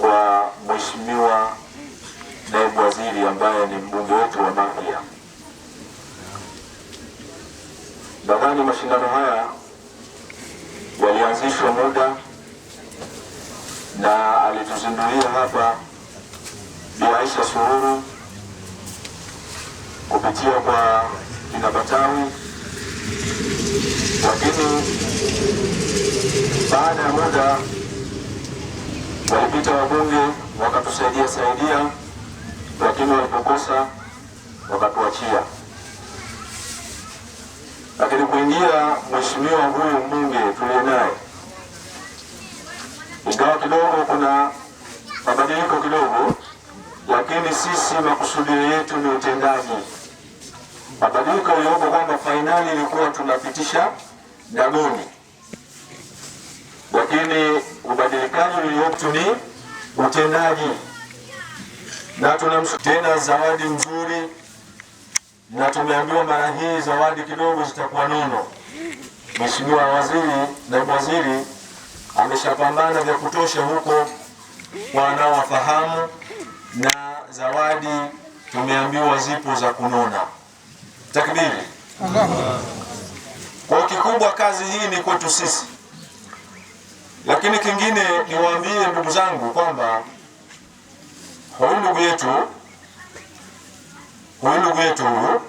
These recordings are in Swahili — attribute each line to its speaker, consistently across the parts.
Speaker 1: kwa mheshimiwa naibu waziri ambaye ni mbunge wetu wa Mafia. Nadhani mashindano haya yalianzishwa muda na alituzindulia hapa Bi Aisha Sururu kupitia kwa kinabatawi, lakini baada ya muda walipita wabunge wakatusaidia saidia, lakini walipokosa wakatuachia. Lakini kuingia mheshimiwa huyu mbunge tuliye naye, ingawa kidogo kuna mabadiliko kidogo, lakini sisi makusudio yetu ni utendaji. Mabadiliko yaliyopo kwamba fainali ilikuwa tunapitisha dagoni wetu ni utendaji, na tunamshukuru tena zawadi nzuri, na tumeambiwa mara hii zawadi kidogo zitakuwa nono. Mheshimiwa Waziri, Naibu Waziri ameshapambana vya kutosha huko kwa wanaowafahamu, na zawadi tumeambiwa zipo za kunona. Takbiri! Kwa kikubwa kazi hii ni kwetu sisi lakini kingine niwaambie ndugu zangu kwamba huyu ndugu yetu huyu ndugu yetu huyu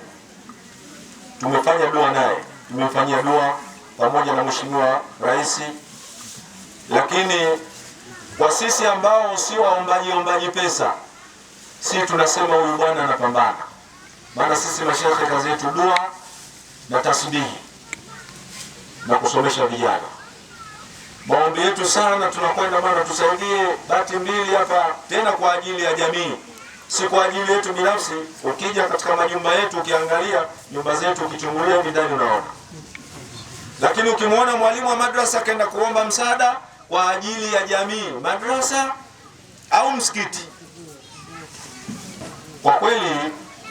Speaker 1: tumefanya dua naye, tumemfanyia dua pamoja na mheshimiwa rais. Lakini kwa sisi ambao si waombaji ombaji pesa, si tunasema huyu bwana anapambana, maana sisi mashehe kazi yetu dua na tasbihi na kusomesha vijana maombi yetu sana, tunakwenda bwana, tusaidie bati mbili hapa tena, kwa ajili ya jamii, si kwa ajili yetu binafsi. Ukija katika majumba yetu, ukiangalia nyumba zetu, ukichungulia hivi ndani unaona, lakini ukimwona mwalimu wa madrasa akaenda kuomba msaada kwa ajili ya jamii, madrasa au msikiti, kwa kweli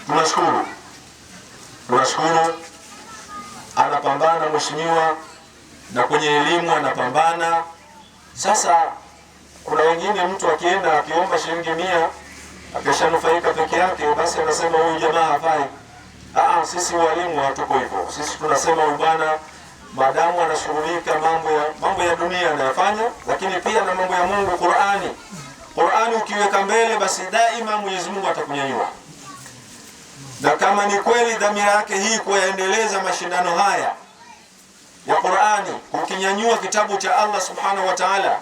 Speaker 1: tunashukuru, tunashukuru anapambana mheshimiwa na kwenye elimu anapambana. Sasa kuna wengine mtu akienda akiomba shilingi mia akishanufaika peke yake, basi anasema huyu jamaa hafai. Ah, sisi walimu hatuko hivyo. Sisi tunasema ubana, madamu anashughulika mambo ya mambo ya dunia anayofanya, lakini pia na mambo ya Mungu, Qur'ani. Qur'ani ukiweka mbele, basi daima Mwenyezi Mungu atakunyanyua na kama ni kweli dhamira yake hii kuyaendeleza mashindano haya kukinyanyua kitabu cha Allah subhanahu wa ta'ala,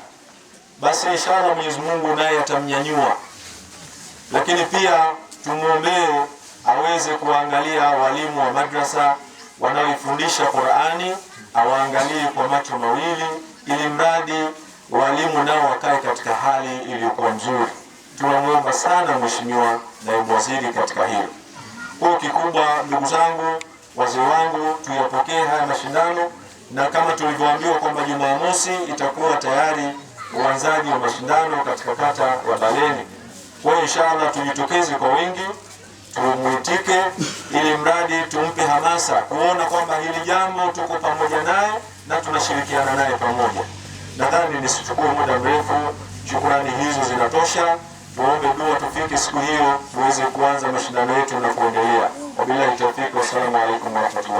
Speaker 1: basi inshallah Mwenyezi Mungu naye atamnyanyua. Lakini pia tumwombee aweze kuwaangalia walimu wa madrasa wanaoifundisha Qur'ani, awaangalie kwa macho mawili, ili mradi walimu nao wakae katika hali iliyokuwa nzuri. Tunamwomba sana Mheshimiwa Naibu Waziri katika hilo. Kwa kikubwa, ndugu zangu, wazee wangu, tuyapokee haya mashindano na kama tulivyoambiwa kwamba Jumamosi itakuwa tayari uanzaji wa mashindano katika kata ya Baleni. Kwa hiyo inshallah tujitokeze kwa wingi, tumuitike, ili mradi tumpe hamasa kuona kwamba hili jambo tuko pamoja naye na tunashirikiana naye pamoja. Nadhani nisichukue muda mrefu, shukurani hizo zinatosha. Tuombe dua tufike siku hiyo tuweze kuanza mashindano yetu na kuendelea. Wabillahi tawfik, wassalamu alaikum warahmatullahi